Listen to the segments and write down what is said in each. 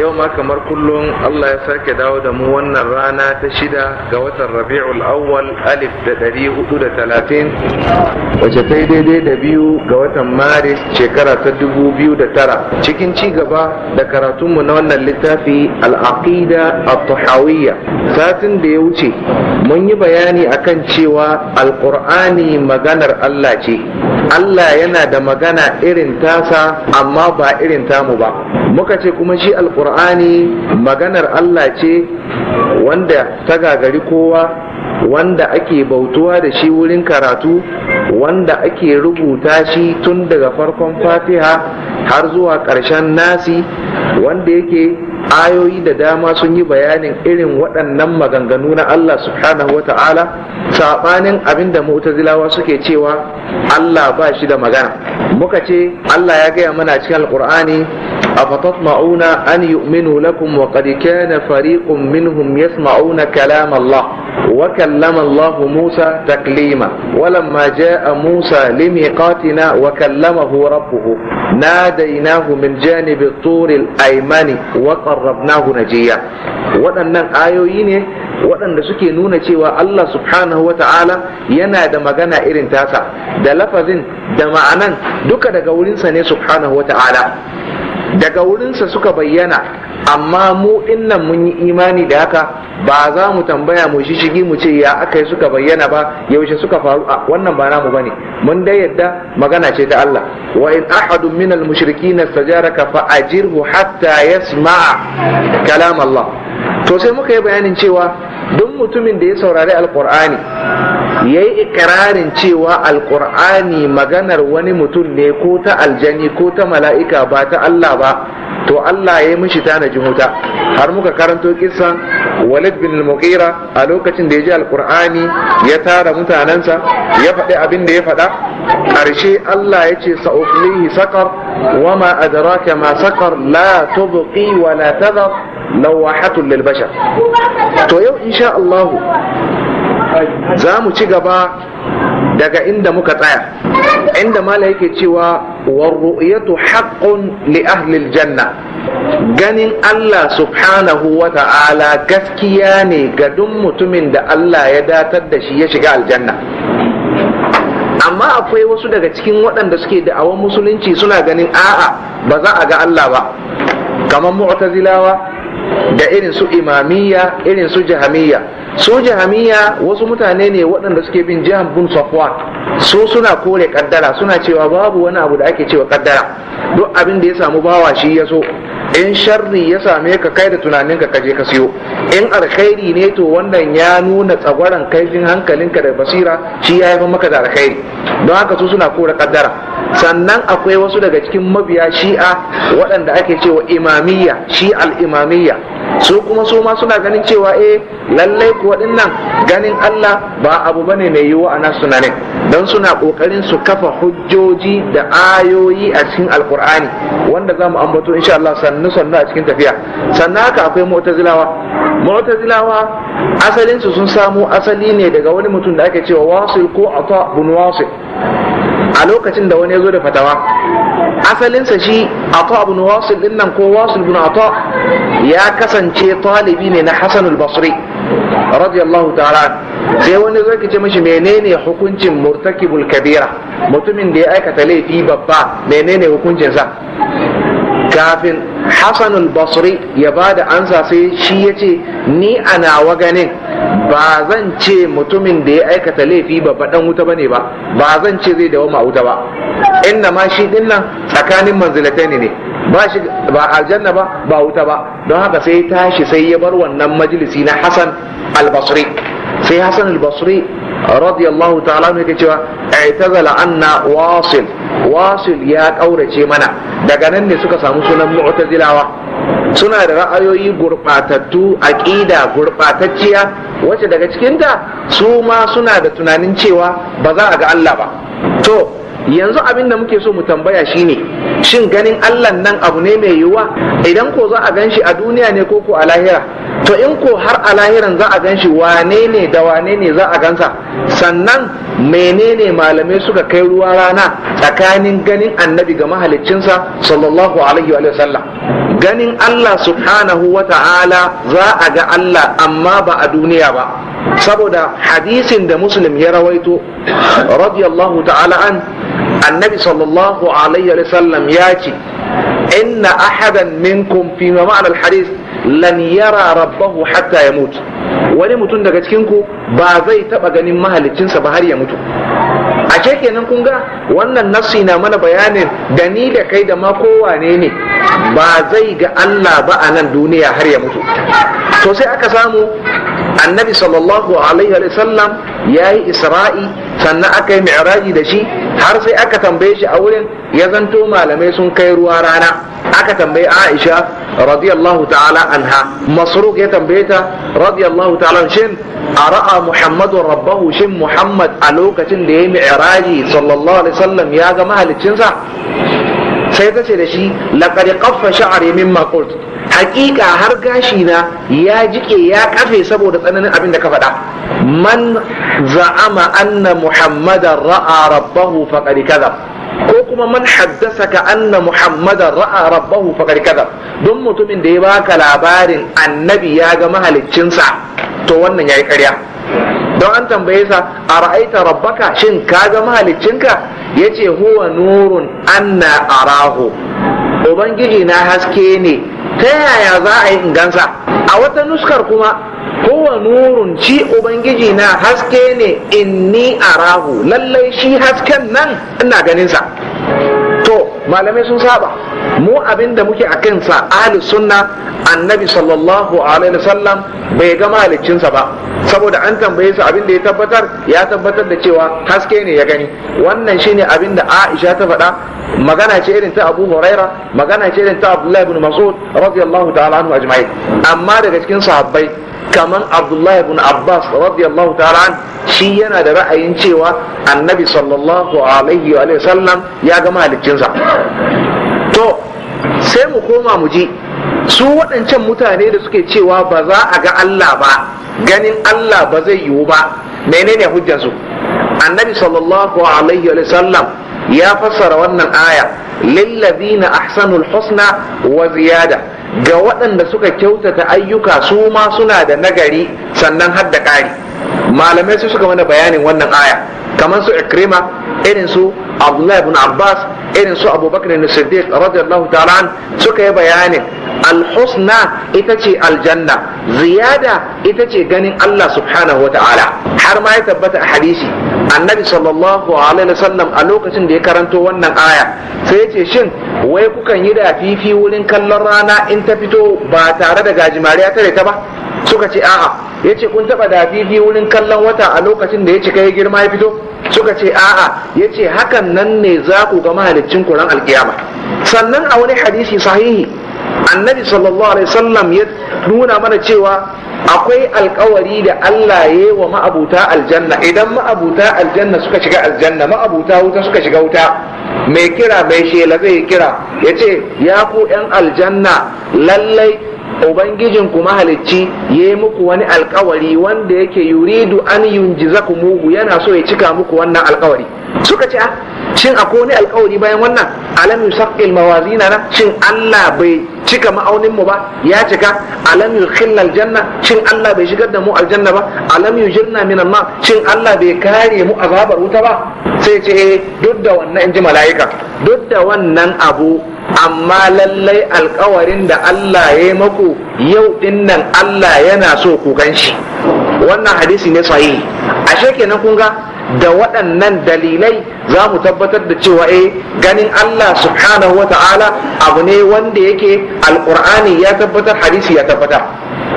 yau ma kamar kullum Allah ya sake dawo da mu wannan rana ta shida ga watan rabi'ul awwal alif da ɗari hudu da talatin wace ta daidai da biyu ga watan maris shekara ta dubu biyu da tara cikin ci gaba da karatunmu na wannan littafi al'aqida at-tuhawiyya satin da ya wuce mun yi bayani akan cewa alqur'ani maganar Allah ce Allah yana da magana irin tasa amma ba irin tamu ba muka ce kuma shi shi alkur'ani maganar allah ce wanda ta gagari kowa wanda ake bautuwa da shi wurin karatu wanda ake rubuta shi tun daga farkon fatiha har zuwa ƙarshen nasi wanda yake ayoyi da dama sun yi bayanin irin waɗannan maganganu na Allah subhanahu wa ta'ala saɓanin abin da mutazilawa suke cewa Allah ba shi da magana muka ce Allah ya gaya mana cikin alƙur'ani a fatatma'una an yu'minu lakum wa qad kana fariqun minhum yasma'una kalam Allah wa kallama Allah Musa taklima walamma ja'a Musa limiqatina wa kallamahu rabbuhu nadainahu min janibi turil aymani wa qarrabnahu نجيا waɗannan ayoyi ne waɗanda suke nuna cewa Allah subhanahu wa ta'ala yana da magana irin tasa da lafazin da ma'anan duka daga wurinsa ne subhanahu wa ta'ala daga wurinsa suka bayyana amma mu dinnan mun yi imani da haka ba za mu tambaya mu shishigi mu ce ya aka suka bayyana ba yaushe suka faru a wannan ba namu bane mun dai yadda magana ce ta Allah wa in ahadun min al mushrikin istajaraka fa ajirhu hatta yasma'a kalam Allah to sai muka yi bayanin cewa duk mutumin da ya saurari alqur'ani ya yi ikirarin cewa alkur'ani maganar wani mutum ne ko ta aljani ko ta mala'ika ba ta Allah ba to Allah ya yi mishi tanaji cikin wuta har muka karanto kisan walid bin al a lokacin da ya ji alkur'ani ya tara mutanensa ya faɗi abin da ya faɗa ƙarshe Allah ya ce sa'uqlihi sakar wa ma adraka ma sakar la tubqi wa la tadhar lawahatun lil bashar to yau insha Allah za mu ci gaba daga inda muka tsaya inda mala yake cewa warru'yatu haqqun li ahli janna ganin Allah subhanahu wa ta'ala gaskiya ne ga duk mutumin da Allah ya datar da shi ya shiga aljanna amma akwai wasu daga cikin waɗanda suke da'awar musulunci suna ganin a'a ba za a ga Allah ba kamar mu'tazilawa da irin su imamiyya irin su jahamiyya su jahamiyya wasu mutane ne waɗanda suke bin jihar bin safwan su suna kore kaddara suna cewa babu wani abu da ake cewa kaddara duk abin da ya samu bawa shi ya so in sharri ya same ka kai da tunanin ka kaje ka siyo in alkhairi ne to wannan ya nuna tsagwaran kaifin hankalinka da basira shi ya yi maka da alkhairi don haka su suna kora kaddara sannan akwai wasu daga cikin mabiya shi'a waɗanda ake cewa imamiyya shi al-imamiyya su kuma su ma suna ganin cewa eh lallai kuwa dinnan ganin Allah ba abu bane mai yiwuwa a nasu tunanin don suna kokarin su kafa hujjoji da ayoyi a cikin alkur'ani wanda za mu ambato insha Allah sannan sannu sannu a cikin tafiya sannan haka akwai mu'tazilawa mu'tazilawa asalin su sun samo asali ne daga wani mutum da ake cewa wasil ko ata bin wasil a lokacin da wani ya zo da fatawa asalinsa shi ata bin wasil din nan ko wasil bin ata ya kasance talibi ne na hasan al-basri radiyallahu ta'ala sai wani zo ka ce mashi menene hukuncin murtakibul kabira mutumin da ya aikata laifi babba menene hukuncinsa kafin hassanul basri ya ba da ansa sai shi ya ce ni ana wa ganin ba zan ce mutumin da ya aikata laifi ba baɗan wuta ba ne ba ba zan ce zai dawo ma wuta ba inna ma shi din nan tsakanin manzilatai ne ba shi ba aljanna ba ba wuta ba don haka sai tashi sai ya bar wannan majalisi na hassan al-basri sai hassan al-basri radiyallahu ta'ala mai cewa i'tazala anna wasil wasil ya ƙaurace mana daga nan ne suka samu sunan mu'tazilawa suna da ra'ayoyi gurbatattu aqida gurbatacciya wacce daga cikinta su ma suna da tunanin cewa ba za a ga Allah ba to yanzu abin da muke so mu tambaya shine shin ganin Allah nan abu ne mai yiwuwa idan ko za a gan shi a duniya ne ko ko a lahira to in ko har a lahiran za a gan shi wane ne da wane ne za a gansa sannan menene malamai suka kai ruwa rana tsakanin ganin annabi ga mahaliccinsa sallallahu alaihi wa sallam ganin Allah subhanahu wa ta'ala za a ga Allah amma ba a duniya ba saboda hadisin da muslim ya rawaito radiyallahu ta'ala an annabi sallallahu alaihi wa sallam ya ce inna ahadan minkum fi ma ma'al lan yara rabbahu hatta ya mutu wani mutum daga cikin ku ba zai taba ganin mahalicinsa ba har ya mutu a kenan kun ga wannan nasi na mana bayanin da ni da kai da ma kowane ne ba zai ga Allah ba a nan duniya har ya mutu to sai aka samu annabi sallallahu alaihi wa sallam ya yi isra'i sannan aka yi mi'raji da shi har sai aka tambaye shi a wurin ya zanto malamai sun kai ruwa rana aka tambaye aisha radiyallahu ta'ala anha masruq ya tambaye ta radiyallahu ta'ala shin ara'a muhammadu rabbahu shin muhammad a lokacin da ya yi mi'raji sallallahu alaihi wa sallam ya ga mahaliccinsa sai ta ce da shi laqad qaffa sha'ri mimma qult haƙiƙa har gashi na ya jike ya kafe saboda tsananin abin da ka faɗa man za'ama anna muhammadan ra'a rabbahu faqad kadhab ko kuma man haddasa ka anna muhammadan ra'a rabbahu faqad kadhab don mutumin da ya baka labarin annabi ya ga mahaliccinsa to wannan yayi ƙarya don an tambaye sa a ra'aita rabbaka shin ka ga mahaliccinka yace huwa nurun anna arahu ubangiji na haske ne ta yaya za a yi ingansa a wata nuskar kuma kowa nurun ci ubangiji na haske ne in inni arahu lallai shi hasken nan ina ganinsa malamai sun saba mu abin da muke a kansa ahli sunna annabi sallallahu alaihi wasallam bai ga mahaliccinsa ba saboda an tambaye su abin da ya tabbatar ya tabbatar da cewa haske ne ya gani wannan shine abin da Aisha ta faɗa magana ce irin ta Abu Huraira magana ce irin ta Abdullah ibn Mas'ud radiyallahu ta'ala anhu ajma'in amma daga cikin sahabbai kaman Abdullah ibn Abbas radiyallahu ta'ala an shi yana da ra'ayin cewa annabi sallallahu alaihi wa sallam ya ga mahaliccinsa to sai mu koma mu ji su waɗancan mutane da suke cewa ba za a ga Allah ba ganin Allah ba zai yiwu ba menene hujjarsu annabi sallallahu alaihi wa sallam ya fassara wannan aya lillazina ahsanul husna wa ziyada ga waɗanda suka kyautata ayyuka su ma suna da nagari sannan har da ƙari malamai su suka mana bayanin wannan aya kamar su ikrima irin su abdullahi ibn abbas irin su abubakar ibn siddiq radiyallahu ta'ala suka yi bayanin alhusna ita ce aljanna ziyada ita ce ganin allah subhanahu wa ta'ala har ma ya tabbata a hadisi annabi sallallahu alaihi wasallam a lokacin da ya karanto wannan aya sai yace ce shin wai kukan yi da fifi wurin kallon rana in ta fito ba tare da gajimariya tare ta ba suka ce a'a ya kun taba da fifi wurin kallon wata a lokacin da ya cika ya girma ya fito suka ce a'a Yace ce hakan nan ne za ku ga mahalicin kuran alkiyama sannan a wani hadisi sahihi annabi sallallahu alaihi wasallam ya nuna mana cewa akwai alkawari da Allah ya yi wa ma'abuta aljanna idan ma'abuta aljanna suka shiga aljanna ma'abuta wuta suka shiga wuta mai kira mai shela zai kira ya ce ya ku 'yan aljanna lallai ubangijin ku mahalicci ya yi muku wani alkawari wanda yake yuridu an yunjizakum yana so ya cika muku wannan alkawari suka ce ah, shin akwai wani alkawari bayan wannan alam yusaqqil mawazina na shin Allah bai cika ma'aunin mu ba ya cika alam yukhilla aljanna shin Allah bai shigar da mu aljanna ba alam yujirna min nar shin Allah bai kare mu azabar wuta ba sai ce eh duk da wannan inji mala'ika duk da wannan abu amma lallai alkawarin da Allah ya maku yau dinnan Allah yana so ku ganshi wannan hadisi ne sahihi ashe kenan kun ga da waɗannan dalilai za mu tabbatar da cewa eh ganin Allah subhanahu wata'ala abu ne wanda yake alƙur'ani ya tabbatar hadisi ya tabbatar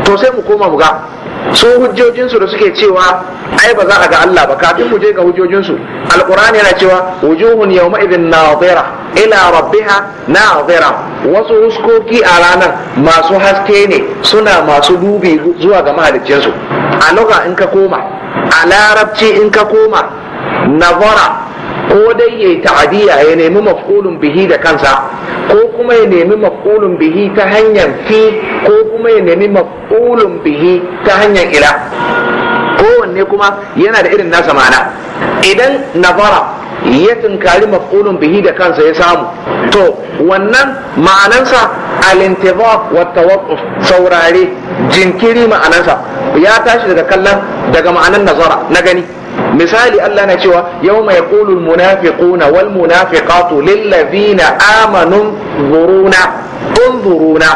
to sai mu koma mu ga su hujjojinsu da suke cewa ai ba za a ga Allah ba kafin mu je ga hujjojinsu Alƙur'ani yana cewa wujuhun yawma idhin nadira ila rabbiha nadira wasu huskoki a ranar masu haske ne suna masu dubi zuwa ga mahaliccinsu a lokacin in ka koma a larabci in ka koma nazara ko dai ya yi ta'adiyya ya nemi maf'ulun bihi da kansa ko kuma ya nemi maf'ulun bihi ta hanyar fi ko kuma ya nemi maf'ulun bihi ta hanyar ila kowanne kuma yana da irin nasa ma'ana idan nazara ya tunkari maf'ulun bihi da kansa ya samu to wannan ma'anansa al-intibaq wa saurare jinkiri ma'anansa ya tashi daga kallon daga ma'anan nazara na gani misali Allah na cewa yawma yaqulu almunafiquna wal munafiqatu lil ladina amanu zuruna unzuruna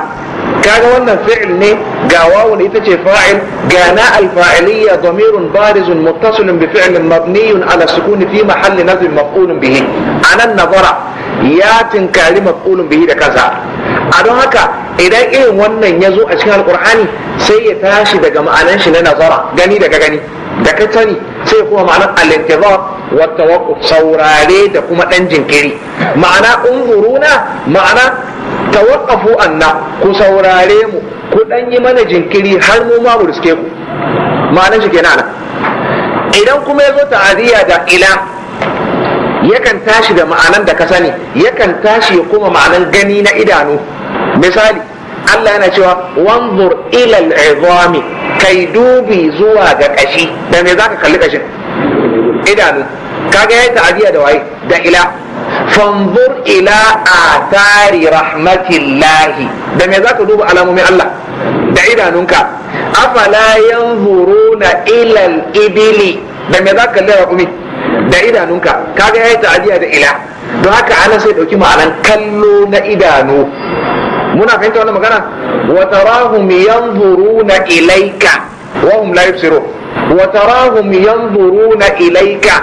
kaga wannan fi'il ne ga wawun ita ce fa'il ga na alfa'iliyya damirun barizun muttasilun bi fi'lin mabniyun ala sukuni fi mahalli nazm maf'ulun bihi anan nazara ya tinkari maf'ulun bihi da kansa a don haka idan irin wannan ya zo a cikin alkur'ani sai ya tashi daga ma'anan shi na nazara gani daga gani da ka sani sai kuma ma'anar al-intizar saurare da kuma ɗan jinkiri ma'ana unzuruna ma'ana tawaqqafu anna ku saurare mu ku ɗan yi mana jinkiri har mu ma mu riske ku ma'anar shi kenan idan kuma zo ta'aziyya da ila yakan tashi da ma'anan da ka sani yakan tashi ya kuma ma'anan gani na idanu misali Allah yana cewa wanzur ilal izami kai dubi zuwa ga ƙashi. da me za ka kalli ƙashin? idanu kaga yayi ta'abiya da waye da ila fanzur ila atari rahmatillahi da me za ka duba alamomin Allah da idanunka afala yanzuruna ila al-ibli da me zaka kalli da raƙumi da idanunka kaga yayi ta'abiya da ila don haka ana sai dauki ma'anan kallo na idanu muna fahimta wannan magana wa tarahum yanzuruna ilayka wa hum la yubsirun wa tarahum yanzuruna ilayka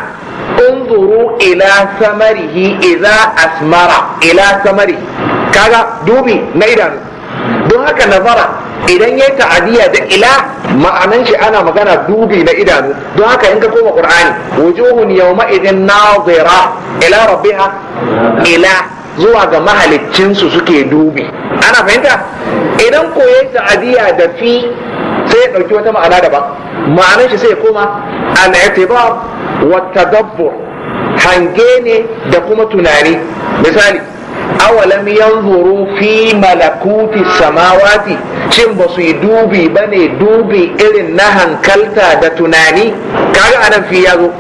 انظروا ila samarihi, اذا asmara. Ila ثمره kaga dubi na idanu don haka nazara idan yayi ta'adiya da ila ma'anan shi ana magana dubi na idanu don haka in ka koma qur'ani wujuhun yawma idin nazira ila rabbiha ila zuwa ga mahalicinsu suke dubi ana fahimta idan koye ta'aziyya da fi sai ya ɗauki wata ma'ana daban ma'anar shi sai ya koma al-i'tibar wa tadabbur hange ne da kuma tunani misali awalam yanzuru fi malakuti samawati cin ba su yi dubi ba ne dubi irin na hankalta da tunani kaga anan fi yazo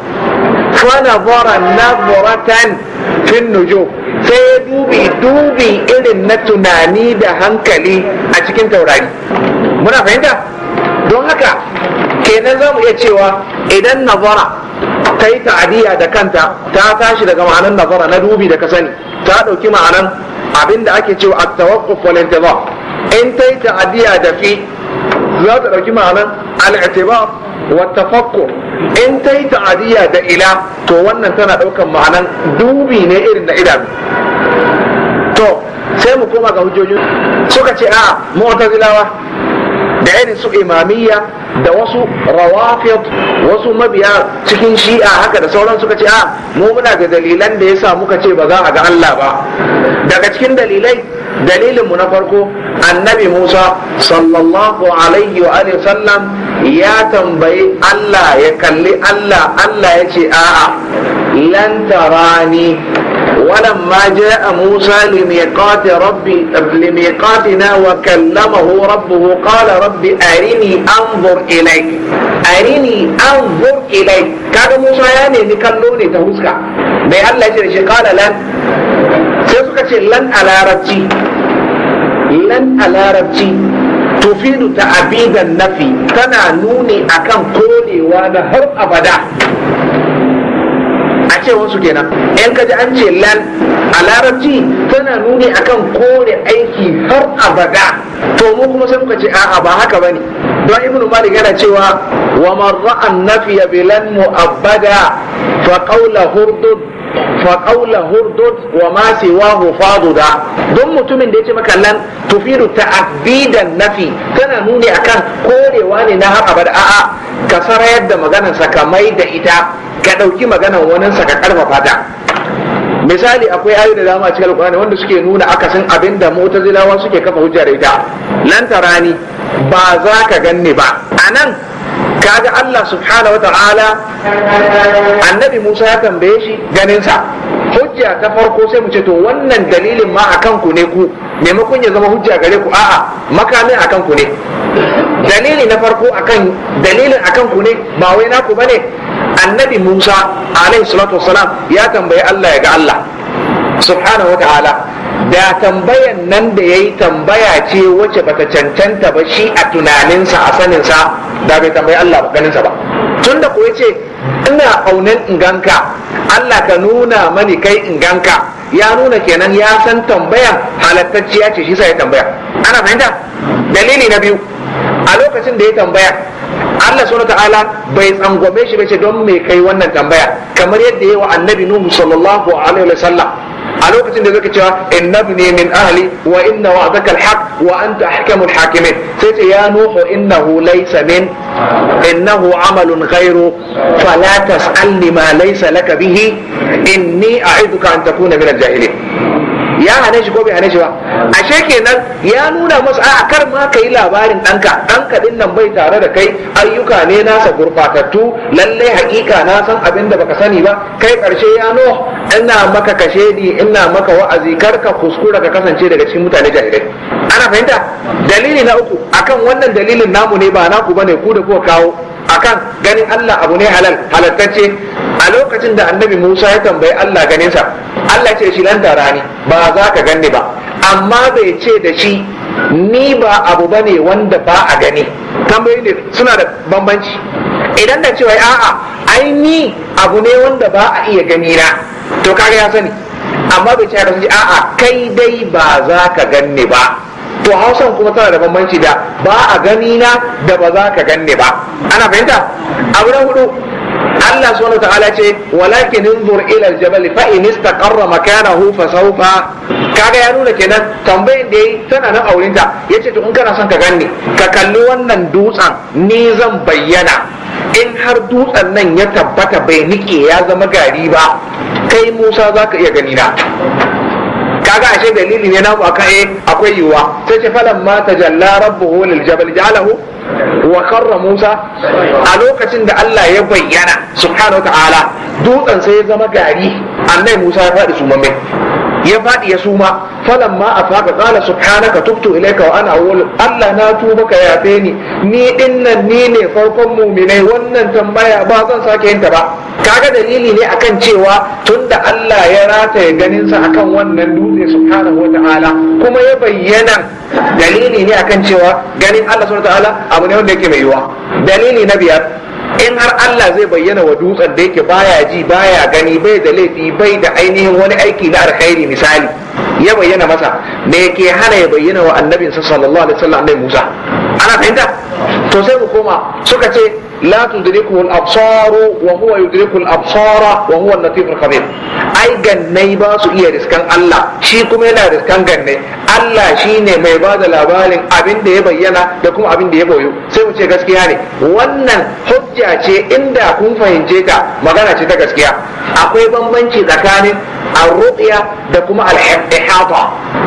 fa nazara nazratan fin nujum sai ya dubi dubi irin na tunani da hankali a cikin taurari muna fahimta don haka kenan za mu iya cewa idan nazara ta yi ta'adiyya da kanta ta tashi daga ma'anan nazara na dubi da ka sani ta ɗauki ma'anan abin da ake cewa a tawaqquf wal in ta yi ta'adiyya da fi za ta ɗauki ma'anan al'atiba wa tafakkur in ta yi ta'adiyya da ila to wannan tana ɗaukan ma'anar dubi ne irin na idan. to sai mu koma ga hujjojin suka ce a'a mu'tazilawa da irin su imamiyya da wasu rawafiyat wasu mabiya cikin shi'a haka da sauran suka ce a mu muna ga dalilan da yasa muka ce ba za a ga Allah ba daga cikin dalilai dalilin mu na farko annabi Musa sallallahu alaihi wa sallam ya tambayi Allah ya kalli Allah Allah ya ce a'a lan tarani ولما جاء موسى لميقات ربي لميقاتنا وكلمه ربه قال رب أرني أنظر إليك أرني أنظر إليك كان موسى يعني نكلوني تهوسك بأن الله قال لن sai suka ce lan larabci lan a larabci tufidu ta'abidan nafi tana nuni akan konewa na har abada a ce wasu kenan in kaji an ce lan a larabci tana nuni akan kore aiki har abada to mu kuma sai muka ce a'a ba haka bane don ibnu malik yana cewa wa man ra'a an nafiya bilan mu'abbada fa qawla hurdud fa qawla hurdud wa ma siwahu faduda don mutumin da ya yace maka lan tufidu ta'abbidan nafi tana nuni akan korewa ne na har abada a'a ka sarayar da maganar sa ka mai da ita ka ɗauki maganar wani sa ka karfafa ta misali akwai ayoyi da dama a cikin alkurani wanda suke nuna akasin abin da mu'tazilawa suke kafa hujjar ita lan tarani ba za ka ganni ba A nan? kaga Allah subhanahu wata'ala annabi Musa ya tambaye shi ganinsa hujja ta farko sai mu ce to wannan dalilin ma akan ku ne ku maimakon ya zama hujja gare ku a'a makamin akan ku ne dalili na farko akan dalilin akan ku ne ba wai naku bane annabi Musa alaihi salatu wassalam ya tambayi Allah ya ga Allah subhanahu wata'ala da tambayan nan da ya yi tambaya ce wacce bata cancanta ba shi a tunaninsa a saninsa da bai tambayi Allah ganinsa ba tun da kuwa ce ina aunin inganka Allah ka nuna mani kai inganka ya nuna kenan ya san tambayan halattacciya ce shi sa ya tambaya ana fahimta dalili na biyu a lokacin da ya tambaya Allah subhanahu ta'ala bai tsangwame shi ba ce don mai kai wannan tambaya kamar yadda yawa annabi Nuhu sallallahu alaihi wa sallam a lokacin da zaka cewa innabni min ahli wa inna wa'daka alhaq wa anta ahkamul hakimin sai ce ya nuhu innahu laysa min innahu amalun ghayru fala tas'alni ma laysa laka bihi inni a'iduka an takuna min al-jahilin ya hane shi ko bai hane shi ba hmm. ashe kenan ya nuna masa a kar ma ka yi labarin ɗanka ɗanka ɗin nan bai tare da kai ayyuka ne nasa gurbatattu lalle hakika na san abin da baka sani ba kai ƙarshe ya no ina maka kashe ni ina maka wa'azi kar ka kuskura ka kasance daga cikin mutane jahilai ana fahimta dalili na uku akan wannan dalilin namu ne ba naku bane ku da kuka kawo akan ganin Allah abu ne halal halattacce a lokacin da annabi Musa ya tambayi Allah ganinsa Allah ce shi nan rani ni ba za ka ganni ba amma bai ce da shi ni ba abu bane wanda ba a gani Tambayi ne suna da bambanci idan da cewa a'a ai ni abu ne wanda ba a iya gani na to kaga ya sani amma bai ce da shi a'a kai dai ba za ka ganni ba to hausan kuma tana da bambanci da ba a gani na da ba za ka ganni ba ana fahimta abu na hudu Allah subhanahu wa ta'ala ce walakin inzur ila al-jabal fa in istaqarra makanahu fa sawfa kaga ya nuna kenan tambayin da yayi tana nan aurinta yace to in kana son ka ganni ka kalli wannan dutsen ni zan bayyana in har dutsen nan ya tabbata bai nike ya zama gari ba kai Musa zaka iya gani na kaga ashe dalili ne na kwaka eh akwai yiwa sai ce falan ma tajalla rabbuhu lil jabal jalahu wa karra Musa a lokacin da Allah ya bayyana subhanahu wa ta'ala dutsen sai ya zama gari annai Musa ya faɗi sumamme ya faɗi ya suma falan ma a faga ƙala subhanaka tubtu ilaika wa ana awwal Allah na tuba ka yafe ni ni dinnan ni ne farkon muminai wannan tambaya ba zan sake yin ta ba kaga dalili ne akan cewa tunda Allah ya rataye ganinsa akan wannan dutse subhanahu wataala kuma ya bayyana dalili ne akan cewa ganin Allah subhanahu abu ne wanda yake mai yiwa dalili na biyar in har Allah zai bayyana wa dutsen da yake baya ji baya gani bai da laifi bai da ainihin wani aiki na alkhairi misali ya bayyana masa da yake hana ya bayyana wa annabinsa sallallahu alaihi wasallam Musa ana fahimta to sai mu koma suka ce la tudrikuhu al-absar wa huwa yudriku wa huwa al-latif al-khabir ba su iya riskan Allah shi kuma yana da riskan gannai Allah shine mai ba da labarin abin da ya bayyana da kuma abin da ya boyo sai mu ce gaskiya ne wannan hujja ce inda kun fahimce ka magana ce ta gaskiya akwai bambanci tsakanin ar-ru'ya da kuma al-ihata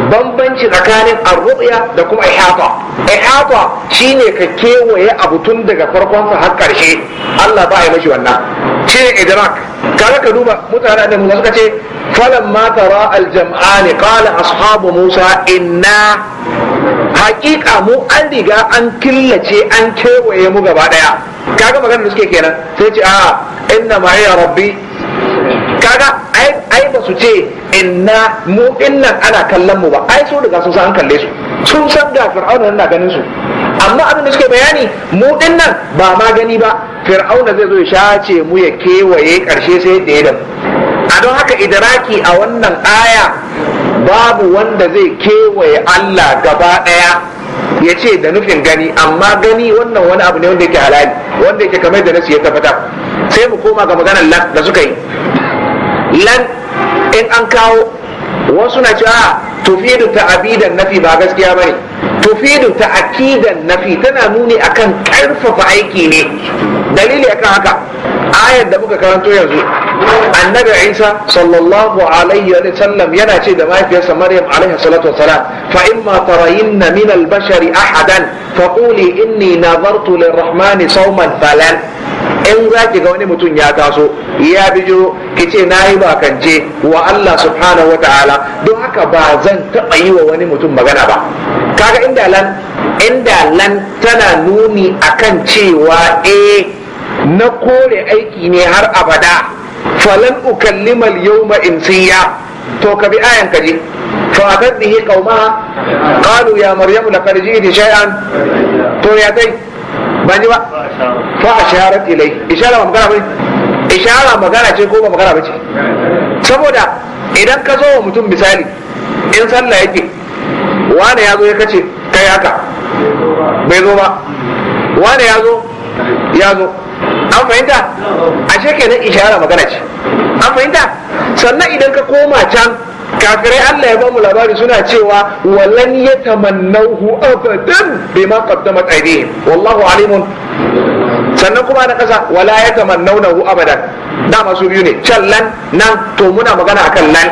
bambanci tsakanin ar-ru'ya da kuma ihata ihata shine ka kewaye abu tun daga farkonsa har karshe Allah ba ya mashi wannan ce idrak kare ka duba mutane da mun suka ce falan ma tara jam'ani, qala ashabu musa inna haƙiƙa mu an riga an killace an kewaye mu gaba daya kaga magana da suke kenan sai ce a inna ma ya rabbi kaga ai ba su ce inna mu dinnan ana kallon mu ba ai su riga sun san an kalle su sun san da fir'auna na ganin su amma abin da suke bayani mu dinnan ba ma gani ba fir'auna zai zo ya shace mu ya kewaye karshe sai da ya a don haka idraki a wannan aya babu wanda zai kewaye Allah gaba daya ya ce da nufin gani amma gani wannan wani abu ne wanda yake halali wanda yake kamar da nasu ya tabbata sai mu koma ga maganar lan da suka yi lan in an kawo wasu na cewa ah, tufidu ta'abidan nafi ba gaskiya bane tufidu akidan nafi tana nuni akan karfafa aiki ne dalili akan haka ayar da muka karanto yanzu annabi isa sallallahu alaihi wa sallam yana ce da mahaifiyarsa maryam alaihi salatu wassalam fa imma tarayinna min al-bashari ahadan fa quli inni nadartu lirrahmani sawman falan in za ki ga wani mutum ya taso ya bijo ki ce na yi bakance wa Allah subhanahu wa ta'ala don haka ba zan taɓa yi wa wani mutum magana ba kaga inda lan inda lan tana nuni akan cewa eh na kore aiki ne har abada falan ukallimal yawma insiya to ka bi ayan ka je fatat qaumaha qalu ya maryamu laqad ji'ti shay'an to ya dai ba ji ba fa asharat ilai ishara ba magana bane ishara magana ce ko ba magana bace saboda idan ka zo wa mutum misali in sallah yake wane ya zo ya kace kai haka bai zo ba wane ya zo ya zo an fahimta ashe kenan ishara magana ce an fahimta sannan idan ka koma can kafirai Allah ya bamu labari suna cewa walan ya tamannahu abadan bai ma qaddama qaidihim wallahu alimun sannan kuma na kasa wala ya tamannawnahu abadan Da masu biyu ne can lan nan to muna magana akan lan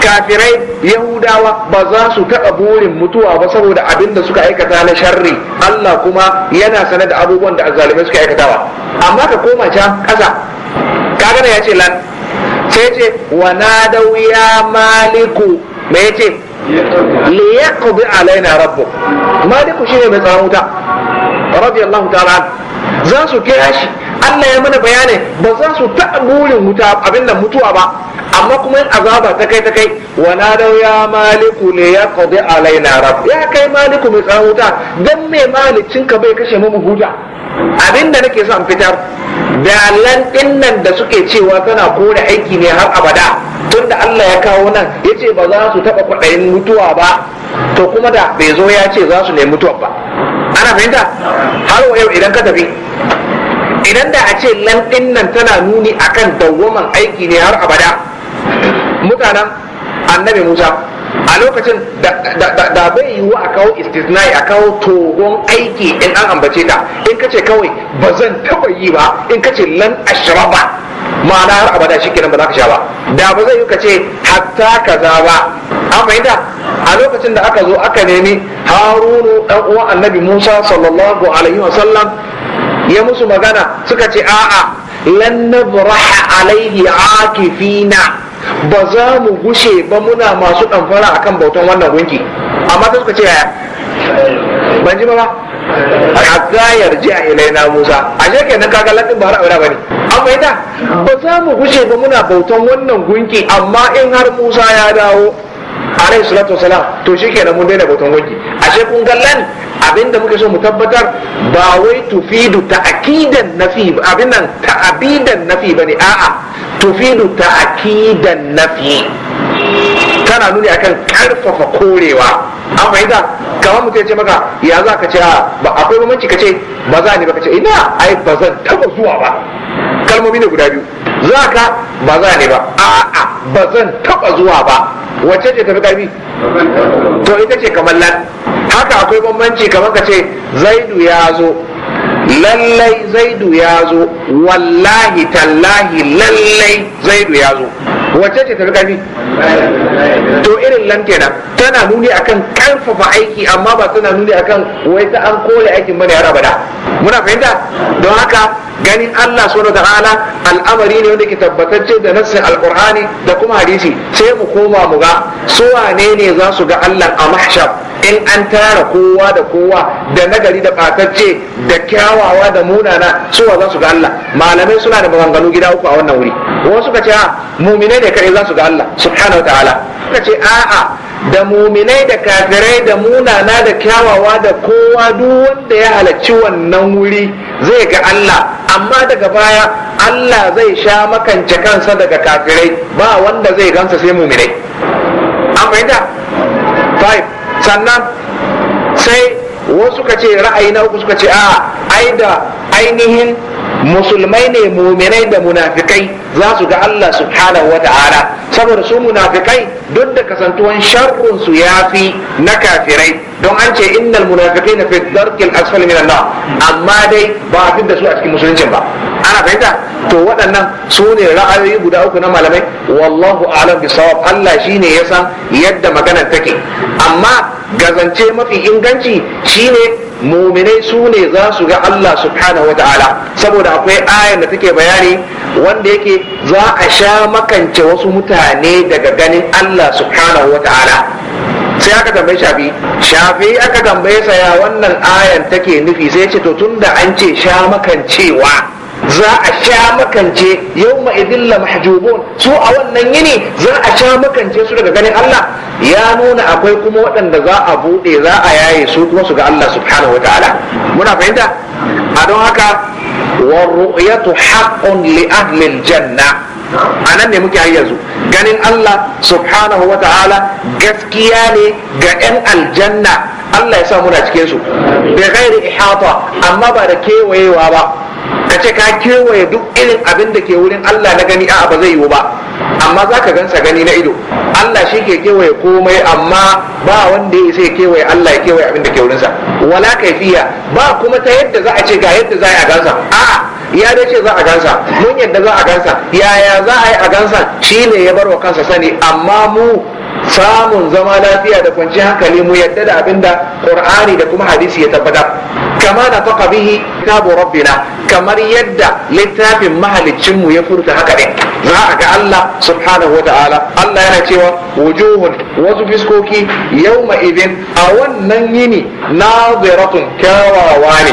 kafirai yahudawa ba za su taɓa burin mutuwa ba saboda abin da suka aikata na sharri Allah kuma yana sanar da abubuwan da azzalumai suka aikatawa amma ka koma can ƙasa kaga ya ce lan sai ce wa na ya maliku me yace li yaqbi alaina rabbuk maliku shine mai tsaron wuta radiyallahu ta'ala za su kira shi Allah ya mana bayanin ba za su taɓa burin wuta abin da mutuwa ba amma kuma in azaba ta kai ta kai wana dau ya maliku ne ya qadi alaina rabb ya kai maliku mai tsaron wuta dan me malicin ka bai kashe mu huta abin da nake son fitar dalan dinnan da suke cewa tana kore aiki ne har abada tun da Allah ya kawo nan ya ce ba za su taɓa kwaɗayin mutuwa ba to kuma da bai zo ya ce za su nemi mutuwa ba ana fahimta har wa yau idan ka tafi idan da a ce lan ɗinnan nan tana nuni akan dawwaman aiki ne har abada mutanen annabi musa a lokacin da bai yiwu a kawo istisnai a kawo togon aiki in an ambace ta in ka ce kawai ba zan taɓa yi ba in ka ce lan ba ma'ana har abada kenan ba za ka sha ba da ba zai yi ka ce hatta kaza ba an fahimta a lokacin da aka zo aka nemi harunu ɗan uwan annabi musa sallallahu alaihi wasallam ya musu magana suka ce a'a lan nabraha alaihi akifina ba za mu gushe ba muna masu ɗamfara akan bautan wannan gunki amma ta suka ce yaya ban ji ba ba hatta yarji a na musa a shekai na kaga latin ba har aure ne. an bai da ba za mu gushe ba muna bautan wannan gunki amma in har musa ya dawo alaihi salatu wasalam to shikenan mun daina bautan gunki ashe kun gallan abinda muke so mu tabbatar ba wai tufidu abinan nafi abin nan ta'abidan nafi bane a'a tufidu na nafi tana nuni akan karfafa korewa an fahimta kamar mutum ya ce maka ya za ka ce a ah, ba akwai bambanci ka ce ba za ne ba ka ce ina ai ba zan taba zuwa ba kalmomi ne guda biyu za ka ba za ne ba a'a ba zan taba zuwa ba wacce ce tafi karfi to ita ce kamar lan haka akwai bambanci kamar ka ce zaidu ya zo lallai zaidu ya zo wallahi tallahi lallai zaidu ya zo wacce ce tafi karfi to irin nan kenan tana nuni akan karfafa aiki amma ba tana nuni akan wai ta an kore aikin bane ya rabada. muna fahimta don haka ganin Allah subhanahu ta'ala al'amari ne wanda ke tabbatacce da nassin alqur'ani da kuma hadisi sai mu koma mu ga su wane ne za su ga Allah a mahshab in an tara kowa da kowa da nagari da ɓatacce da kyawawa da munana suwa za su ga Allah malamai suna da maganganu gida uku a wannan wuri wasu suka ce a muminai ne kare za su ga Allah subhanahu ta'ala suka ce a'a da muminai da kafirai da munana da kyawawa da kowa duk wanda ya halarci wannan wuri zai ga Allah amma daga baya Allah zai sha makance kansa daga kafirai ba wanda zai gansa sai muminai an fahimta sannan sai wasu suka ce ra'ayi na uku suka ce a ai da ainihin musulmai ne muminai da munafikai za su ga Allah subhanahu wa ta'ala saboda su munafikai duk da kasantuwan sharrun su yafi na kafirai don an ce innal na fi dharkil asfal minan amma dai ba a da su a cikin musuluncin ba ana fahimta to waɗannan su ne ra'ayoyi guda uku na malamai wallahu alam bi sawab Allah shine ya san yadda maganar take amma gazance mafi inganci shine muminai su ne za su ga Allah subhanahu wa ta'ala saboda akwai ayar da take bayani wanda yake za a sha makance wasu mutane daga ganin Allah subhanahu wa ta'ala sai aka tambaye shafi shafi aka tambaye sa ya wannan ayan take nufi sai ce to tunda an ce sha makancewa za a sha makance yau ma'idin la mahjubun su a wannan yini za a sha makance su daga ganin Allah ya nuna akwai kuma waɗanda za a buɗe za a yaye su kuma su ga Allah subhanahu wa ta'ala muna fahimta a don haka warru'yatu haqqun li ahli aljanna a nan ne muke har yanzu ganin Allah subhanahu wa ta'ala gaskiya ne ga 'yan aljanna Allah ya sa muna cikin su bi ghairi ihata amma ba da kewayewa ba ka ce ka kewaye duk irin abin da ke wurin Allah na gani a'a ba zai yiwu ba amma za ka gansa gani na ido Allah shi ke kewaye komai amma ba wanda ya sai kewaye Allah ya kewaye abin da ke wurinsa wala kaifiya ba kuma ta yadda za a ce ga yadda za a gansa a'a ya dace za a gansa mun yadda za a gansa yaya za a yi a gansa Shi ne ya bar wa kansa sani amma mu samun zama lafiya da kwanciyar hankali mu yadda da abinda qur'ani da kuma hadisi ya tabbatar kama na faka bihi kitabu rabbina kamar yadda littafin mahaliccin mu ya furta haka ne, za a ga Allah subhanahu wa ta'ala Allah yana cewa wujuhun wasu fiskoki yawma idin a wannan yini nadiratun kyawawa ne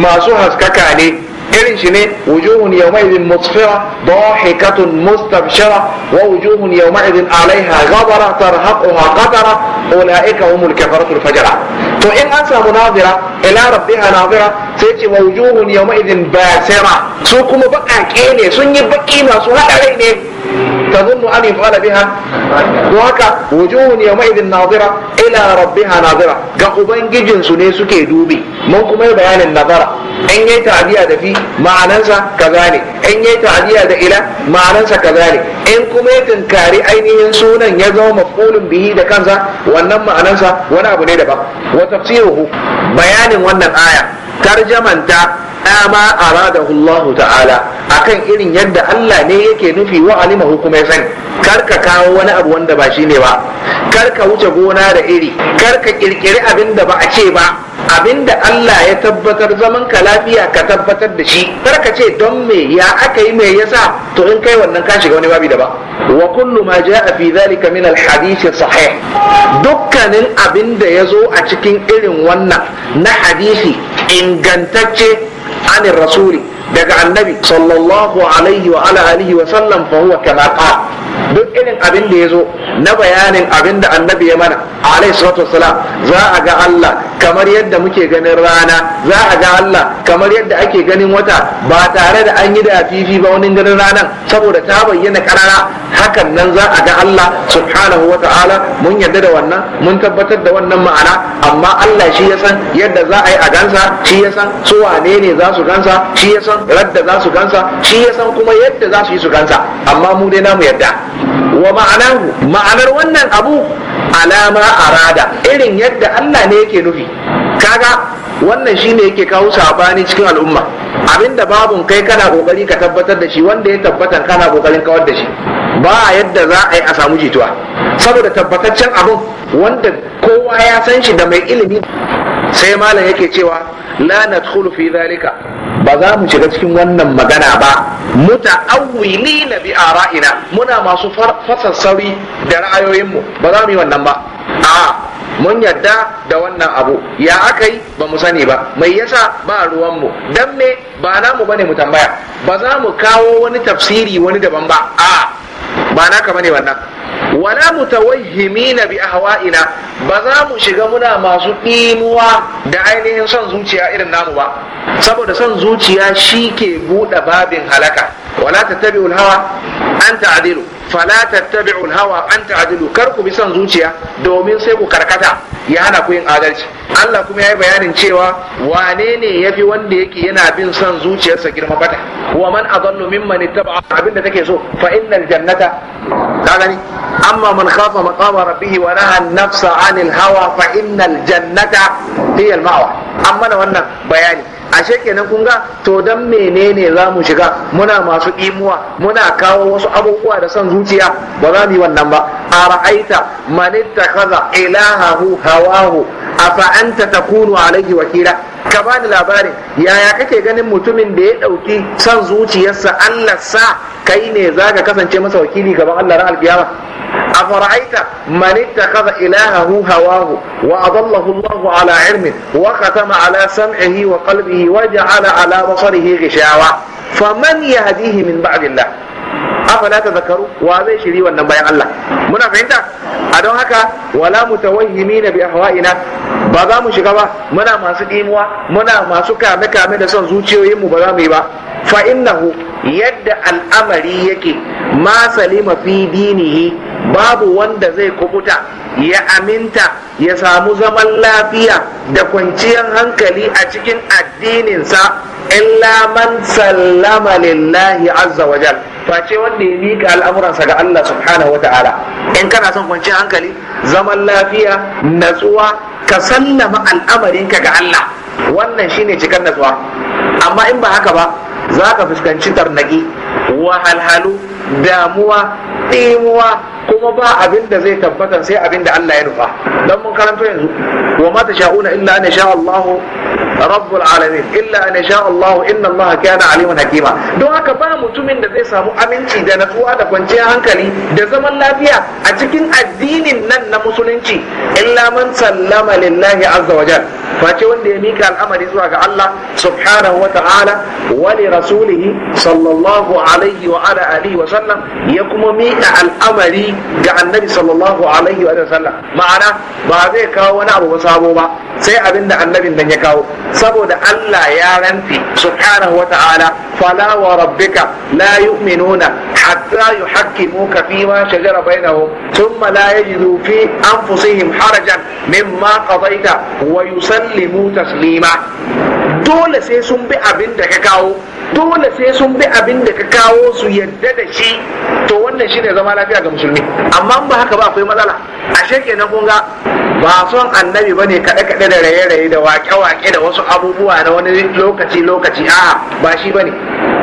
masu haskaka ne irin shi ne wujuhun yawma'idin musfira dahikatun mustabshira wa wujuhun yawma'idin alaiha ghabara tarhaquha qatara ulaika humul kafaratul fajara to in an samu nazira ila rabbiha nazira sai ce wa wujuhun yawma'idin basira su kuma baƙaƙe ne sun yi baƙi masu haɗari ne an أن يفعل بها وهكا وجوه يومئذ Nazira ila ربها ناظرة ga ubangijinsu ne suke dubi mun kuma yi bayanin nazara in yi tabiya da fi ma'anansa kaza ne in yi ta'aziyya da ila ma'anansa kaza ne in kuma ya tunkari ainihin sunan ya zama maf'ulun bihi da kansa wannan ma'anansa wani abu ne daban wa tafsiruhu bayanin wannan aya tarjamanta ma aradahu Allah ta'ala akan irin yadda Allah ne yake nufi wa alimahu kuma ya sani karka kawo wani abu wanda ba shine ba karka wuce gona da iri karka kirkiri abin da ba a ce ba abin da Allah ya tabbatar zaman ka lafiya ka tabbatar da shi karka ce don me ya aka yi me yasa to in kai wannan ka shiga wani babi da ba wa kullu ma jaa fi dhalika min al hadith sahih dukkanin abin da yazo a cikin irin wannan na hadisi ingantacce عن الرسول daga النبي صلى الله عليه وعلى آله وسلم فهو كما قال duk irin abin da ya zo na bayanin abin da annabi ya mana alayhi salatu wasalam za a ga Allah kamar yadda muke ganin rana za a ga Allah kamar yadda ake ganin wata ba tare da an yi da fifi ba wani ganin ranan saboda ta bayyana karara hakan nan za a ga Allah subhanahu wa ta'ala mun yarda da wannan mun tabbatar da wannan ma'ana amma Allah shi ya san yadda za a yi a gansa shi ya san su wane ne za su gansa shi ya san radda za su gansa shi ya san kuma yadda za su yi su gansa amma mu dai namu yarda wa ma'anahu ma'anar wannan abu alama arada irin yadda Allah ne yake nufi kaga wannan shi ne yake kawo sabani cikin al'umma abinda babun kai kana kokari ka tabbatar da shi wanda ya tabbatar kana kokarin kawar da shi ba yadda za a yi a samu jituwa saboda tabbataccen abin, wanda kowa ya san shi da mai ilimi sai malam yake cewa la nadkhulu fi zalika ba za mu shiga cikin wannan magana ba na bi a ra'ina. muna masu fasassari da ra'ayoyinmu ba za mu yi wannan ba a mun yadda da wannan abu ya aka yi ba mu sani ba mai yasa ba ruwanmu dan me ba namu ba ne mu tambaya ba za mu kawo wani tafsiri wani daban ba a ba kama ne wannan wala mutawahhimina bi ahwa'ina ba za mu shiga muna masu ɗimuwa da ainihin son zuciya irin namu ba saboda son zuciya shi ke buɗe babin halaka wala tattabi'ul hawa anta adilu fala tattabi'ul hawa an ta'dilu kar ku bi son zuciya domin sai ku karkata ya hana ku yin adalci Allah kuma ya yi bayanin cewa wane ne yafi wanda yake yana bin son zuciyarsa girma bata wa man adallu mimman ittaba'a abinda take so fa innal jannata ka amma man khafa maqama rabbih wa naha an-nafsa 'anil hawa fa innal jannata hiya al-ma'wa amma wannan bayani ashe kenan kun ga to dan menene za mu shiga muna masu imuwa muna kawo wasu abubuwa da son zuciya ba za mu yi wannan ba a ra'aita man ittakhadha ilahahu hawahu afa anta takunu alaihi wakila ka bani labarin yaya kake ganin mutumin da ya dauki son zuciyarsa Allah sa kai ne zaka kasance masa wakili gaban Allah ran alkiyama أفرأيت من اتخذ إلهه هواه وأضله الله على علم وختم على سمعه وقلبه وجعل على بصره غشاوة فمن يهديه من بعد الله afala ta zakaru wa zai shiri wannan bayan Allah muna fahimta a don haka wala mutawahhimina bi ahwa'ina ba za mu shiga ba muna masu dimuwa muna masu kame kame da son zuciyoyinmu ba za mu yi ba Fa'innahu, yadda al'amari yake ma salima fi dinihi babu wanda zai kubuta ya aminta ya samu zaman lafiya da kwanciyar hankali a cikin addininsa illa man sallama lillahi azza wa jal face wanda ya miƙa al'amuransa ga Allah subhanahu wa ta'ala in kana son kwanciyar hankali zaman lafiya natsuwa ka sallama al'amarinka ga Allah wannan shine cikar natsuwa amma in ba haka ba za ka fuskanci tarnaki wahalhalu damuwa ɗimuwa kuma ba abin da zai tabbatar sai abin da Allah ya nufa dan mun karanta yanzu wa ma tasha'una illa an yasha Allahu rabbul alamin illa an yasha Allahu inna Allah kana aliman hakima don haka ba mutumin da zai samu aminci da natsuwa da kwanciyar hankali da zaman lafiya a cikin addinin nan na musulunci illa man sallama lillahi azza wajal face wanda ya mika al'amari zuwa ga Allah subhanahu wa ta'ala wa li rasulihi sallallahu alaihi wa ala alihi wa sallam ya kuma mika al'amari ga annabi sallallahu alaihi wa sallam ma'ana ba zai kawo wani abu ba sabo ba sai abin da annabin nan ya kawo saboda Allah ya rantsi subhanahu wata'ala fala wa rabbika la yu'minuna hatta yuhaqqimuka fi ma shajara bainahum thumma la yajidu fi anfusihim harajan mimma qadaita wa yusallimu taslima dole sai sun bi abin da ka kawo dole sai sun bi abin da ka kawo su yadda da shi to wannan shine zama lafiya ga musulmi amma ba haka ba akwai matsala A kenan na kunga. ba son annabi ba ne kaɗe-kaɗe da raye-raye da waƙe-waƙe da wasu abubuwa na wani lokaci-lokaci a ba shi ba ne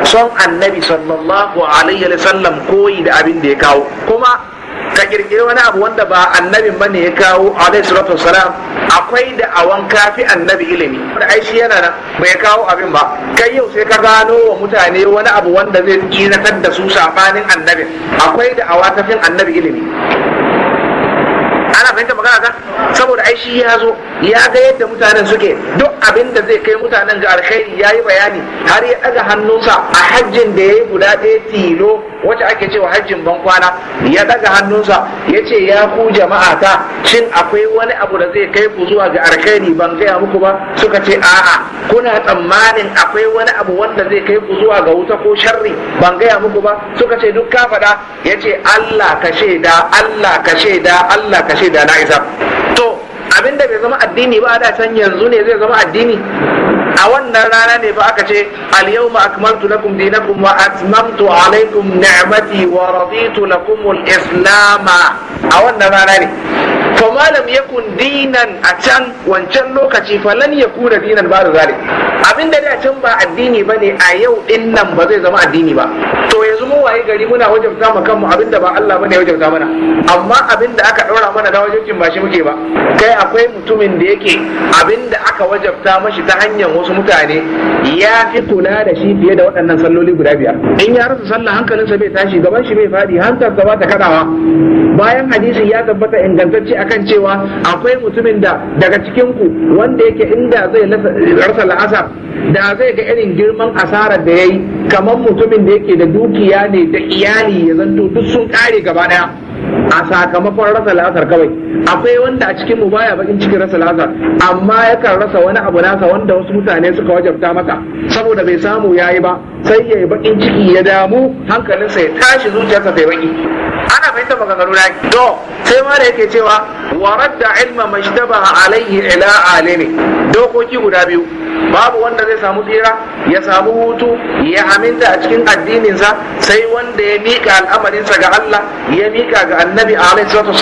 son annabi sallallahu alaihi sallam koyi da abin da ya kawo kuma ka kirkiri wani abu wanda ba annabin ne ya kawo alaihi salatu wassalam akwai da awan kafi annabi ilimi da ai shi yana nan bai kawo abin ba kai yau sai ka gano wa mutane wani abu wanda zai tsinatar da su sabanin annabin akwai da awa tafin annabi ilimi fahimta magana ka saboda ai shi ya zo ya ga yadda mutanen suke duk abin da zai kai mutanen ga alkhairi ya yi bayani har ya ɗaga hannunsa a hajjin da ya yi guda ɗaya tilo wacce ake cewa hajjin bankwana ya ɗaga hannunsa ya ce ya ku jama'a ta shin akwai wani abu da zai kai ku zuwa ga alkhairi ban gaya muku ba suka ce a'a kuna tsammanin akwai wani abu wanda zai kai ku zuwa ga wuta ko sharri ban gaya muku ba suka ce duk ka faɗa ya ce Allah ka shaida Allah ka shaida Allah ka shaida da na isa to abinda bai zama addini ba a da can yanzu ne zai zama addini a wannan rana ne fa aka ce al yawma akmaltu lakum dinakum wa atmamtu alaykum ni'mati wa raditu lakum al a wannan rana ne fa malam yakun dinan a can wancan lokaci fa lan yakuna dinan ba da abinda da can ba addini bane a yau din nan ba zai zama addini ba to yanzu mu waye gari muna wajabta mu kanmu abinda ba Allah bane wajabta mana amma abinda aka daura mana da wajibcin ba shi muke ba kai akwai mutumin da yake abinda aka wajabta mashi ta hanyar wasu mutane ya fi kula da shi fiye da waɗannan salloli guda biyar in ya rasa sallah hankalinsa bai tashi gaban shi bai fadi hankal gaba ta kadawa bayan hadisin ya tabbata ingantacce akan cewa akwai mutumin da daga cikin ku wanda yake inda zai rasa la'asar da zai ga irin girman asarar da yayi kamar mutumin da yake da dukiya ne da iyali ya zanto duk sun kare gaba daya a sakamakon rasa la'asar kawai akwai wanda a cikin mu baya bakin cikin rasa la'asar amma yakan rasa wani abu nasa wanda wasu mutane suka wajabta maka saboda bai samu yayi ba sai yayi bakin ciki ya damu hankalinsa ya tashi zuciyarsa sai baki ana fahimta maganganu na to sai ma da yake cewa waradda ilma mashtabaha alaihi ila alimi dokoki guda biyu babu wanda zai samu tsira ya samu hutu ya aminta a cikin addininsa sai wanda ya mika al'amarinsa ga Allah ya mika ga annabi annabi alaihi salatu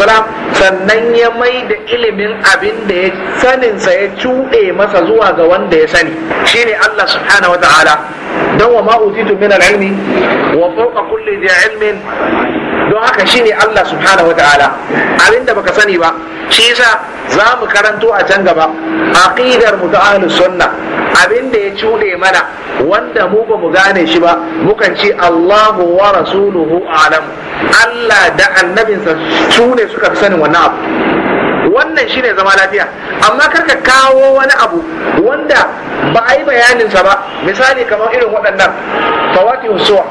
sannan ya mai da ilimin abin da ya saninsa ya cuɗe masa zuwa ga wanda ya sani shine Allah subhanahu wataala don wa ma utitu min al-ilmi wa fawqa kulli dhi ilmin don haka shine Allah subhanahu wataala abinda baka sani ba shi yasa za mu karanto a can gaba aqidar mu ta ahlus sunna abin da ya cuɗe mana wanda mu ba mu gane shi ba mukan ci Allahu wa rasuluhu alam Allah da annabinsa su ne suka fi sanin wannan abu wannan shine zama lafiya amma kar ka kawo wani abu wanda ba a yi bayaninsa ba misali kamar irin waɗannan fawatihu suwa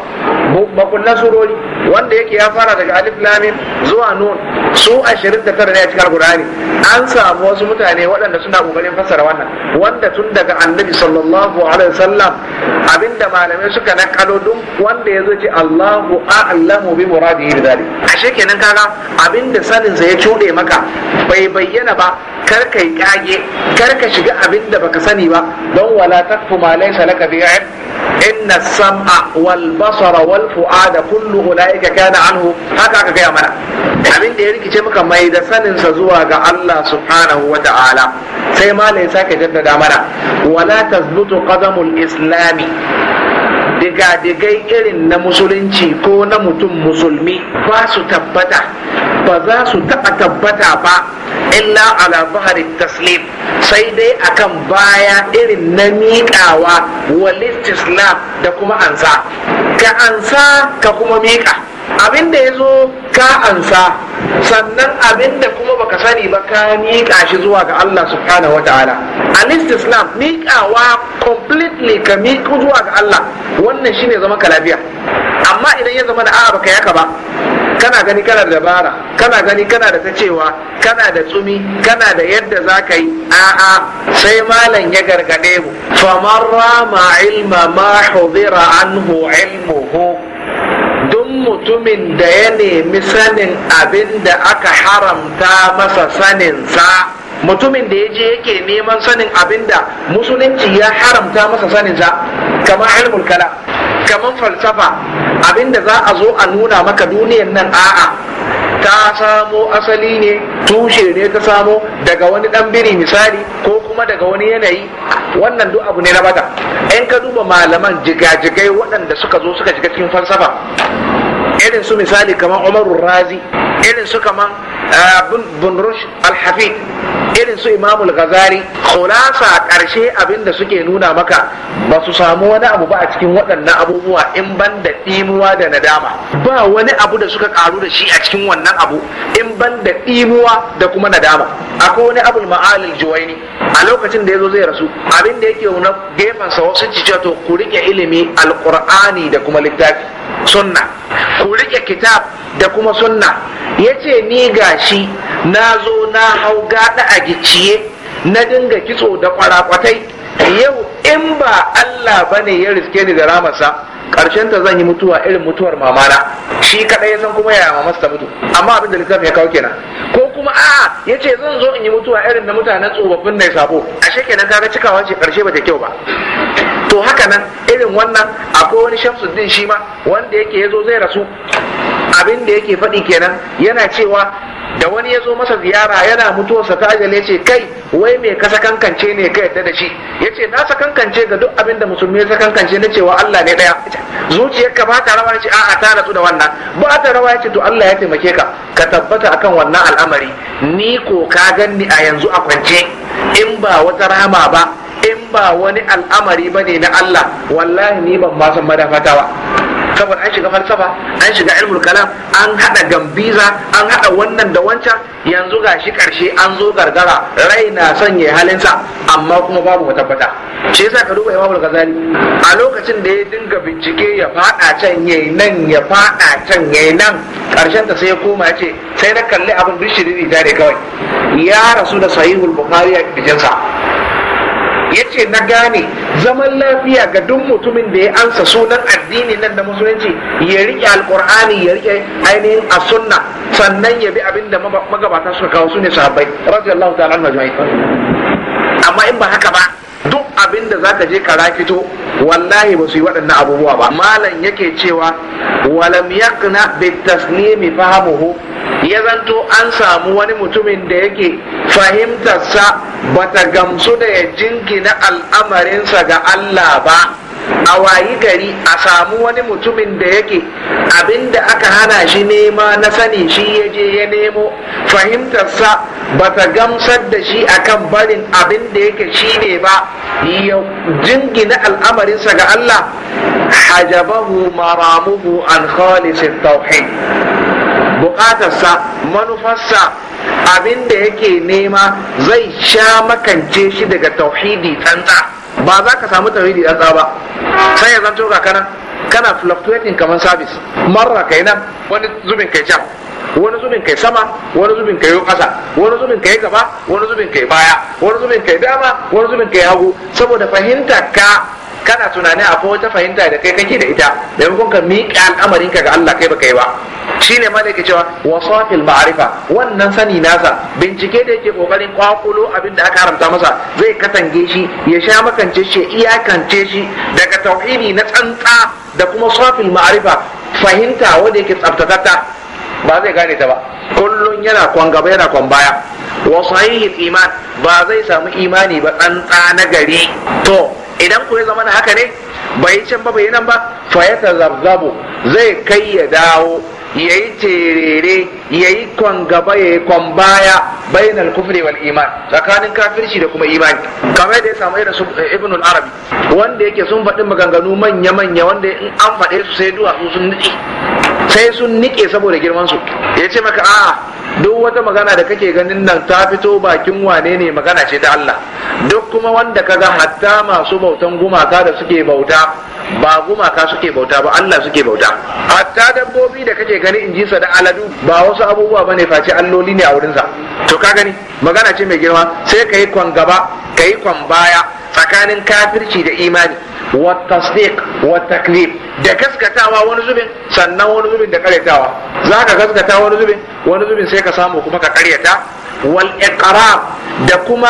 makullan surori wanda yake ya fara daga alif lamin zuwa nun su da tara ne a cikin alkur'ani an samu wasu mutane waɗanda suna ƙoƙarin fassara wannan wanda tun daga annabi sallallahu alaihi wasallam abinda malamai suka nakalo dun wanda ya zo ce Allahu a'lamu bi muradihi bi ashe kenan kaga abinda sanin sa ya cuɗe maka bai bai bayyana ba kar ka yi kage kar ka shiga abin da baka sani ba don wala takfu ma laysa laka bi ilm inna sam'a wal basara wal fu'ada kullu ulaika kana anhu haka aka gaya mana abin da ya rikice muka mai da sanin sa zuwa ga Allah subhanahu wa ta'ala sai ya sake jaddada mana wala tazbutu qadamul islami diga-digai irin na musulunci ko na mutum musulmi ba su tabbata ba za su taɓa tabbata ba illa ala zahari taslim sai dai akan baya irin na miƙawa walistislam da kuma ansa ka ansa ka kuma miƙa abin da ya zo ka ansa sannan abin da kuma baka sani ba ka miƙa shi zuwa ga Allah subhanahu wa ta'ala alistislam miƙawa completely ka miƙu zuwa ga Allah wannan shi ne zama ka lafiya amma idan ya zama da a'a baka yaka ba kana gani kana da dabara kana gani kana da ta cewa kana da tsumi kana da yadda za ka yi a'a sai malam ya gargaɗe mu Famarra rama ilma ma hudira anhu ilmuhu duk mutumin da ya nemi sanin abin da aka haramta masa saninsa mutumin da ya je yake neman sanin abin da musulunci ya haramta masa saninsa kamar ilmul kala kamar falsafa abin da za a zo a nuna maka duniyan nan a'a ta samo asali ne tushe ne ta samo daga wani dan biri misali ko kuma daga wani yanayi wannan duk abu ne na baka in ka duba malaman jigajigai waɗanda suka zo suka shiga cikin falsafa irin su misali kamar umaru razi irin su kamar ah, bin rush al irin su imamul gazari Kulasa karshe abin da suke nuna maka ba su samu wani abu ba a cikin waɗannan abubuwa in ban da ɗimuwa da nadama ba wani abu da suka karu da shi a cikin wannan abu in ban da ɗimuwa da kuma nadama akwai wani abul ma'alil juwaini a lokacin da ya zo zai rasu abin da yake gefen gefensa wasu cewa to ku rike ilimi alkur'ani da kuma littafi sunna ku rike kitab da kuma sunna ya ce ni gashi na zo na hau gaɗa a giciye na dinga kitso da kwarakwatai yau in ba Allah bane ya riske ni da ramarsa karshen ta zan yi mutuwa irin mutuwar mamana shi kadai zan kuma yaya mamas ta mutu amma abin da littafin ya kawo kenan ko kuma a'a ya ce zan zo in yi mutuwa irin da mutanen tsofaffin na ya sabo ashe kenan kaga cikawa ce karshe ta kyau ba to haka nan irin wannan akwai wani shamsuddin shi ma wanda yake ya zo zai rasu abin da yake faɗi kenan yana cewa da wani ya zo masa ziyara yana mutuwarsa ta ajal ya ce kai wai mai ka sakankance ne ka yadda da shi ya ce na sakankance ga duk abin da musulmi ya sakankance na cewa Allah ne ɗaya zuciyar ka ba rawa ya ce a'a ta natsu da wannan ba ta rawa ya ce to Allah ya taimake ka ka tabbata akan wannan al'amari ni ko ka ganni a yanzu a kwance in ba wata rama ba in ba wani al'amari bane na Allah wallahi ni ban ma san madafata ba saboda an shiga falsafa an shiga ilmul kalam an hada gambiza an hada wannan da wancan yanzu ga shi karshe an zo gargara rai na sanya halinsa amma kuma babu wata tabbata shi yasa ka duba imamul ghazali a lokacin da ya dinga bincike ya fada can yayi nan ya fada can yayi nan karshen ta sai ya koma ya ce sai na kalli abin duk shiriri da kawai ya rasu da sahihul bukhari a bikinsa ya ce na gane zaman lafiya ga duk mutumin da ya ansa sunan addini nan da musulunci ya riƙe alƙur'ani ya riƙe ainihin a sunna sannan ya bi abin magabata suka kawo su ne sahabbai radiyallahu ta'ala amma in ba haka ba duk abinda da zaka je ka rafito wallahi ba su yi waɗannan abubuwa ba malam yake cewa walam yaqna bitasnimi fahamuhu ya zanto an samu wani mutumin da yake fahimtarsa bata gamsu da ya jingina al'amarinsa ga Allah ba a wayi gari a samu wani mutumin da yake da aka hana shi nema na sani shi ya je ya nemo fahimtarsa bata gamsar da shi akan barin abin da yake shi ne ba ya jingina al'amarinsa ga Allah hajabahu maramuhu an khalis tauhid bukatarsa manufarsa abin da yake nema zai sha makance shi daga tauhidi tsantsa ba za ka samu tauhidi tsantsa ba sai ya zanto kana kana fluctuating kamar service marra kai nan wani zubin kai can wani zubin kai sama wani zubin kai ƙasa wani zubin kai gaba wani zubin kai baya wani zubin kai dama wani zubin kai hagu saboda fahimta ka kana tunani akwai wata fahimta da kai kake da ita da yankun ka miƙa al'amarin ka ga Allah kai baka yi ba Shi ne da yake cewa wasafil ma'arifa wannan sani nasa bincike da yake kokarin kwakulo abin da aka haramta masa zai katange shi ya sha makance shi iyakance shi daga tauhidi na tsantsa da kuma safil ma'arifa fahimta wanda yake tsaftatatta ba zai gane ta ba Kullum yana kwan gaba yana kwan baya wa sahihul iman ba zai samu imani ba tsantsa na gari to idan ku ya zama na haka ne bai can ba bai nan ba fa ya zai kai ya dawo yayi terere yayi kon gaba yayi kon baya bainal kufri wal iman tsakanin kafirci da kuma imani kamar da ya samu irin su eh, ibn al-arabi wanda yake sun faɗi maganganu manya manya wanda in an faɗe su sai duwatsu sun nike sai sun nike saboda girman su ce maka a'a duk wata magana da kake ganin nan ta fito bakin wane ne magana ce ta Allah duk kuma wanda kaga hatta masu bautan gumaka da suke bauta ba gumaka suke bauta ba Allah suke bauta hatta dabbobi da kake gani in ji sa da aladu ba wasu abubuwa bane face alloli ne a wurinsa to ka gani magana ce mai girma sai ka kwan gaba ka kwan baya tsakanin kafirci da imani والتصديق والتكذيب da gaskatawa wani zubin sannan wani zubin da karyatawa za ka gaskata wani zubin wani zubin sai ka samu kuma ka karyata wal iqrar da kuma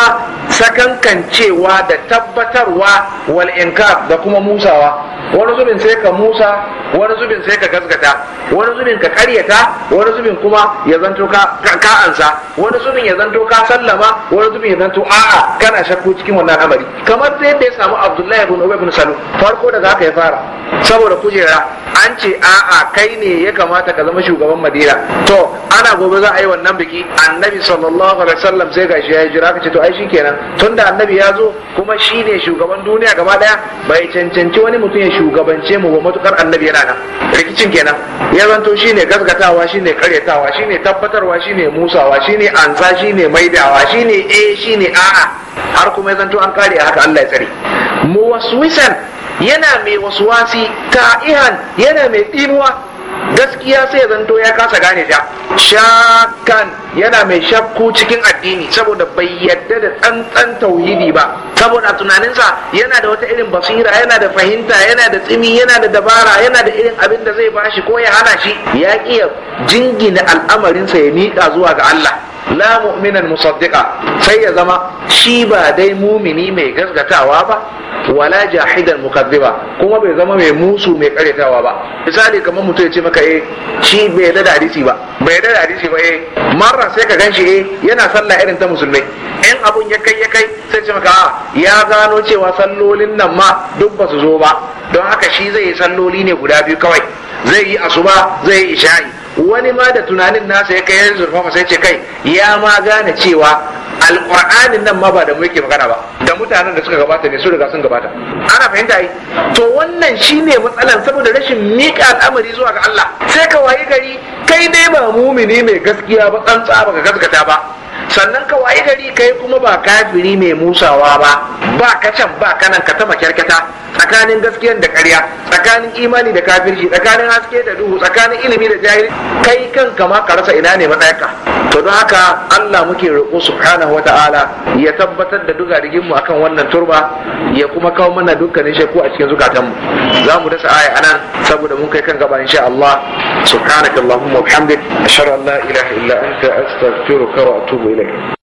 sakankancewa da tabbatarwa wal inkar da kuma musawa wani zubin sai ka musa wani zubin sai ka gasgata wani zubin ka karyata wani zubin kuma ya zanto ka ansa wani zubin ya zanto ka sallama wani zubin ya zanto a'a kana shakku cikin wannan amari. kamar sai da ya samu abdullahi ibn ubay ibn salu farko da zaka ya fara saboda kujera an ce a'a kai ne ya kamata ka zama shugaban madina to ana gobe za a yi wannan biki annabi sallallahu sallallahu alaihi wasallam sai gashi ya jira ka ce to ai shikenan tunda annabi ya zo kuma shine shugaban duniya gaba daya bai cancanci wani mutum ya shugabance mu ba matukar annabi yana nan rikicin kenan ya zanto shine gaskatawa shine karyatawa shine tabbatarwa shine musawa shine anza shine maidawa shine eh shine a'a har kuma ya zanto an kare haka Allah ya tsare mu waswisan yana mai waswasi ta'ihan yana mai tsinuwa gaskiya sai ya zanto ya kasa gane ta shakan yana mai shakku cikin addini saboda bai yadda da tsantsan tauhidi ba saboda tunaninsa yana da wata irin basira yana da fahimta yana da tsimi yana da dabara yana da irin abin da zai bashi ko ya hana shi ya ƙi jingina al'amarinsa ya miƙa zuwa ga Allah la mu'minan musaddiqa sai ya zama shi ba dai mumini mai gaskatawa ba wala jahidan mukaddiba kuma bai zama mai musu mai karyatawa ba misali kamar mutum ya ce maka eh shi bai da hadisi ba bai da hadisi ba eh marra sai ka ganshi eh yana sallah irin ta musulmai in abun ya kai ya kai sai ce maka ah, ya gano cewa sallolin nan ma duk ba su zo ba don haka shi zai yi salloli ne guda biyu kawai zai yi asuba zai yi isha'i wani ma da tunanin nasa ya kai zurfa masa ce kai ya ma gane cewa alƙur'anin nan ma ba da muke magana ba da mutanen da suka gabata ne su riga sun gabata ana fahimta yi to wannan shine matsalar saboda rashin miƙa al'amari zuwa ga Allah sai ka wayi gari kai dai ba mumini mai gaskiya ba tsantsa ba ka gaskata ba sannan ka wayi gari kai kuma ba kafiri mai musawa ba ba ka can ba kanan ka tama kyarkata tsakanin gaskiyar da ƙarya tsakanin imani da kafirci tsakanin haske da duhu tsakanin ilimi da jahili kai kan kama ka rasa ina ne matsayaka to don haka Allah muke roƙo subhanahu wata'ala ya tabbatar da duga mu akan wannan turba ya kuma kawo mana dukkanin ko a cikin zukatanmu za mu dasa aya anan saboda mun kai kan gaba insha Allah subhanakallahumma wa bihamdik ashhadu an la ilaha illa anta astaghfiruka wa atubu Gracias.